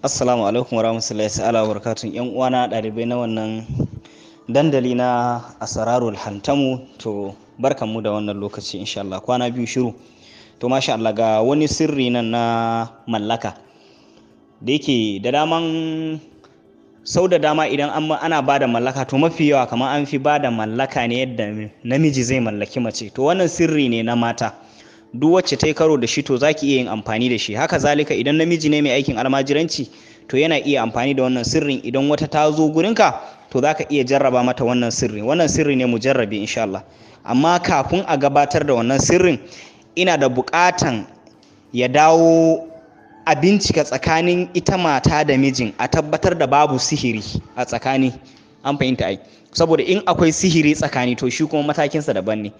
assalamu alaikum wa rahmatullahi ta'ala wa barakatun yan uwana ɗalibai na wannan dandali na asararul hantamu to barkanmu da wannan lokaci insha Allah kwana biyu shiru to masha Allah ga wani sirri nan na mallaka da yake da daman sau da dama idan ana bada da mallaka to mafi yawa kamar an fi bada mallaka ne yadda namiji zai mallaki mace to wannan sirri ne na mata duk wacce ta yi karo da shi to za ki iya yin amfani da shi haka zalika idan namiji ne mai aikin almajiranci to yana iya amfani da wannan sirrin idan wata ta zo gurinka to za ka iya jarraba mata wannan sirri wannan sirri ne mu insha Allah amma kafin a gabatar da wannan sirrin ina da buƙatan ya dawo a bincika tsakanin ita mata da mijin a tabbatar da babu sihiri a tsakani an fahimta ai saboda in akwai sihiri tsakani to shi kuma matakinsa daban ne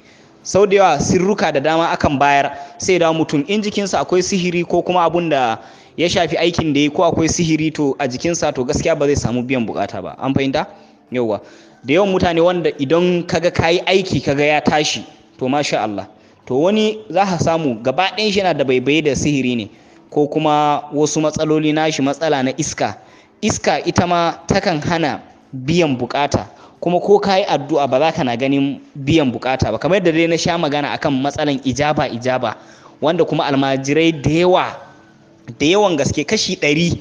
sau da yawa sirruka da dama akan bayar sai da mutum in jikinsa akwai sihiri ko kuma abun da ya shafi aikin da ya ko akwai sihiri to a jikinsa to gaskiya ba zai samu biyan bukata ba an fahimta yauwa da yawan mutane wanda idan kaga kayi aiki kaga ya tashi to masha Allah to wani za ka samu gaba ɗayan shi yana da baibaye da sihiri ne ko kuma wasu matsaloli nashi matsala na iska iska ita ma takan hana biyan bukata kuma ko ka yi addu'a ba za ka na ganin biyan bukata ba kamar yadda dai na sha magana akan matsalan ijaba ijaba wanda kuma almajirai da yawa da yawan gaske kashi ɗari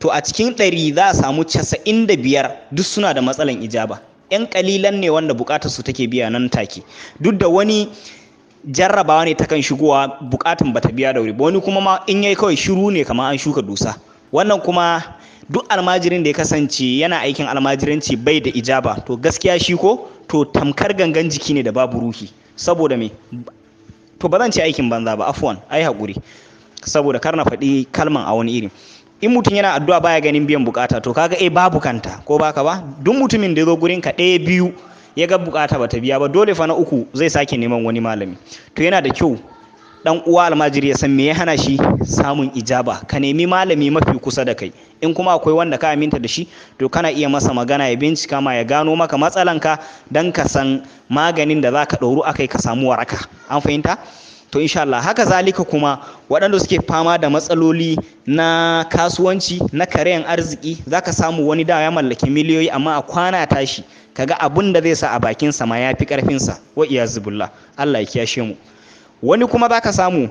to a cikin ɗari za a samu casa'in da biyar duk suna da matsalan ijaba ‘yan kalilan ne wanda bukatar su take biya nan take duk da wani jarrabawa ne takan shigowa bukatan bata biya da wuri ba wani kuma ma in yayi kawai shiru ne kamar an shuka dusa wannan kuma duk almajirin da ya kasance yana aikin almajiranci bai da ijaba to gaskiya shi ko to tamkar gangan jiki ne da babu ruhi saboda me to ba zan ce aikin banza ba afwan ai hakuri saboda kar na faɗi kalman a wani iri in mutum yana addu'a baya ganin biyan bukata to kaga eh babu kanta ko baka ba duk mutumin da ya zo gurin ka ɗaya biyu ya ga bukata ta biya ba dole fa na uku zai sake neman wani malami to yana da kyau dan uwa almajiri ya san me ya hana shi samun ijaba ka nemi malami mafi kusa da kai in kuma akwai wanda ka aminta da shi to kana iya masa magana ya bincika ma ya gano maka matsalanka dan ka san maganin da zaka ka akai ka samu waraka an fahimta to insha Allah haka zalika kuma waɗanda suke fama da matsaloli na kasuwanci na karayan arziki zaka samu wani da ya mallaki miliyoyi amma a kwana tashi kaga abin da zai sa a bakin bakinsa ma ya fi ƙarfinsa wa iyazubillah Allah ya kiyashe mu wani kuma za ka samu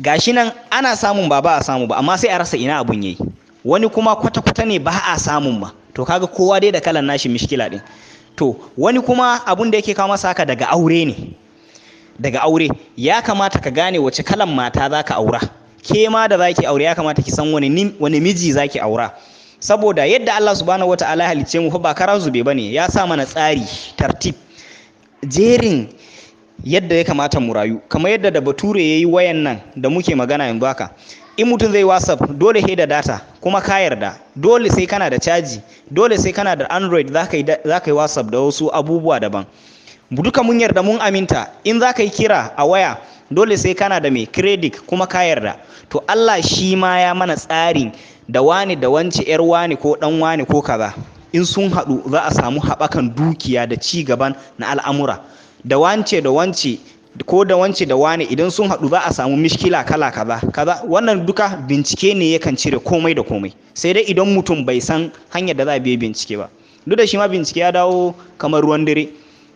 gashi nan ana samun ba ba a samu ba amma sai a rasa ina abun yayi wani kuma kwata-kwata ne ba a samun ba to kaga kowa dai da kalan nashi mishkila din to wani kuma abun da yake kawo masa haka daga aure ne daga aure ya kamata ka gane wace kalan mata za ka aura ke ma da zaki aure ya kamata ki san wani wani miji zaki aura saboda yadda Allah subhanahu wataala ya halicce mu fa ba kara ba bane ya sa mana tsari tartib jerin yadda ya kamata mu rayu kamar yadda da bature ya yi wayan nan da muke magana yanzu haka in mutum zai whatsapp dole sai da data kuma ka yarda dole sai kana da caji dole sai kana da android za ka yi whatsapp da wasu abubuwa daban duka mun yarda mun aminta in za ka yi kira a waya dole sai kana da mai credit kuma ka yarda to allah shi ma ya mana tsarin da wani da wance yar wani ko dan wani ko kaza in sun haɗu za a samu haɓakan dukiya da ci gaban na al'amura da wance da wance ko da wance da wane idan sun haɗu ba a samu mishkila kala kaza kaza wannan duka bincike ne yakan cire komai da komai sai dai idan mutum bai san hanyar da za a bi bincike ba duk da shi ma bincike ya dawo kamar ruwan dare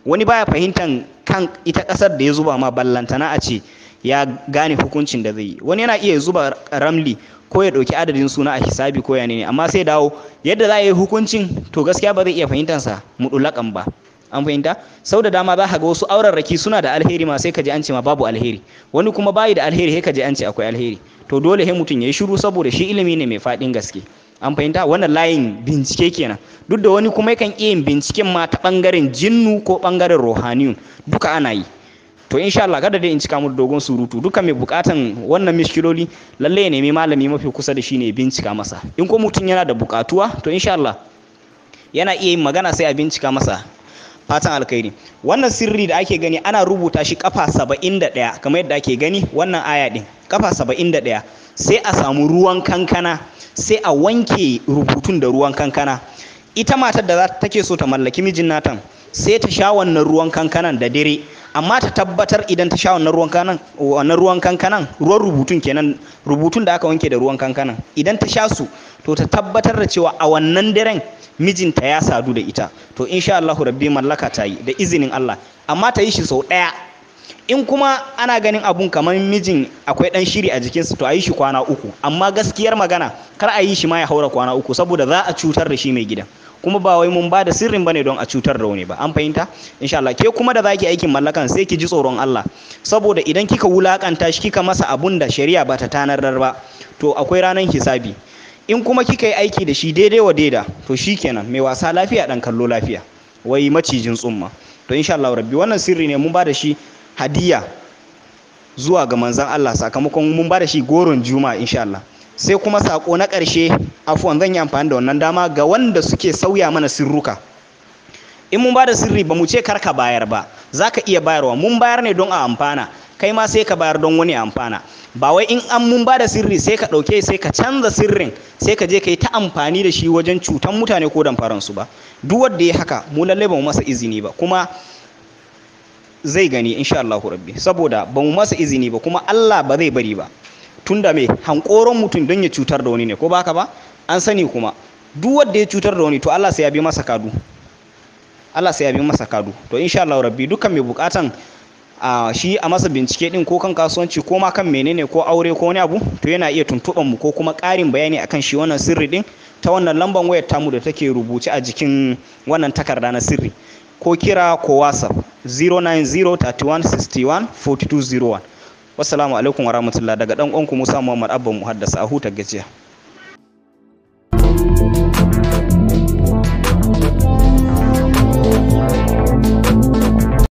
wani baya fahimtar kan ita ƙasar da ya zuba ma ballantana a ce ya gane hukuncin da zai yi wani yana iya zuba ramli ko ya ɗauki adadin suna a hisabi ko ya ne amma sai dawo yadda za a yi hukuncin to gaskiya ba zai iya fahimtansa mutulakan ba an fahimta sau da dama za ka ga wasu aurarraki suna da alheri ma sai ka ji an ce ma babu alheri wani kuma bayi da alheri sai ka ji an ce akwai alheri to dole sai mutum ya yi shiru saboda shi ilimi ne mai faɗin gaske an fahimta wannan layin bincike kenan duk da wani kuma yakan iya yin binciken ma ta bangaren jinnu ko bangaren rohaniyun duka ana yi to insha Allah kada dai in cika muku dogon surutu duka mai bukatan wannan miskiloli lalle ya nemi malami mafi kusa da shi ne bincika masa in ko mutum yana da bukatuwa to insha Allah yana iya yin magana sai a bincika masa fatan alkhairi wannan sirri da ake gani ana rubuta shi kafa 71 kamar yadda ake gani wannan aya din kafa 71 sai a samu ruwan kankana sai a wanke rubutun da ruwan kankana ita matar da za take so ta mallaki mijin natan sai ta sha wannan ruwan kankanan da dare amma ta tabbatar idan ta sha wannan ruwan kankanan ruwan rubutun kenan rubutun da aka wanke da ruwan kankanan idan ta sha su to ta tabbatar da cewa a wannan daren mijinta ya sadu da ita to insha Allah rabbi mallaka ta yi da izinin Allah amma ta yi shi sau ɗaya in kuma ana ganin abun kamar mijin akwai ɗan shiri a jikinsa to a yi shi kwana uku amma gaskiyar magana kar a yi shi ma ya haura kwana uku saboda za a cutar da shi mai gidan kuma ba wai mun bada da sirrin bane don a cutar da wani ba an fahimta insha Allah ke kuma da zaki aikin mallakan sai ki ji tsoron Allah saboda idan kika wulakanta shi kika masa abun da shari'a ba ta tanadar ba to akwai ranar hisabi in kuma kika yi aiki da shi daidai wa daida to shikenan mai wasa lafiya dan kallo lafiya wai macijin tsumma to insha Allah rabbi wannan sirri ne mun bada shi hadiya zuwa ga manzon Allah sakamakon mun bada shi goron juma'a insha Allah sai kuma sako na ƙarshe afuwan zan yi amfani da wannan dama ga wanda suke sauya mana sirruka in mun ba da sirri ba mu ce karka bayar ba za ka iya bayarwa mun bayar ne don a amfana kai ma sai ka bayar don wani amfana ba wai in an mun ba da sirri sai ka ɗauke sai ka canza sirrin sai ka je ka yi ta amfani da shi wajen cutan mutane ko damfaransu ba duk wanda ya haka mu lallai ba mu masa izini ba kuma zai gani insha Allahu rabbi saboda ba mu masa izini ba kuma Allah ba zai bari ba tunda me hankoron mutum don ya cutar da wani ne ko baka ba an sani kuma duk wanda ya cutar da wani to Allah sai ya bi masa kadu Allah sai ya bi masa kadu to insha Allah rabbi dukkan mai bukatan shi a masa bincike din ko kan kasuwanci ko ma kan menene ko aure ko wani abu to yana iya tuntuban mu ko kuma ƙarin bayani akan shi wannan sirri din ta wannan lamban wayar tamu da take rubuce a jikin wannan takarda na sirri ko kira ko whatsapp 09031614201 wassalamu alaikum warahmatullahi daga ɗan uwanku Musa Muhammad Abba Muhaddasa a hutar gajiya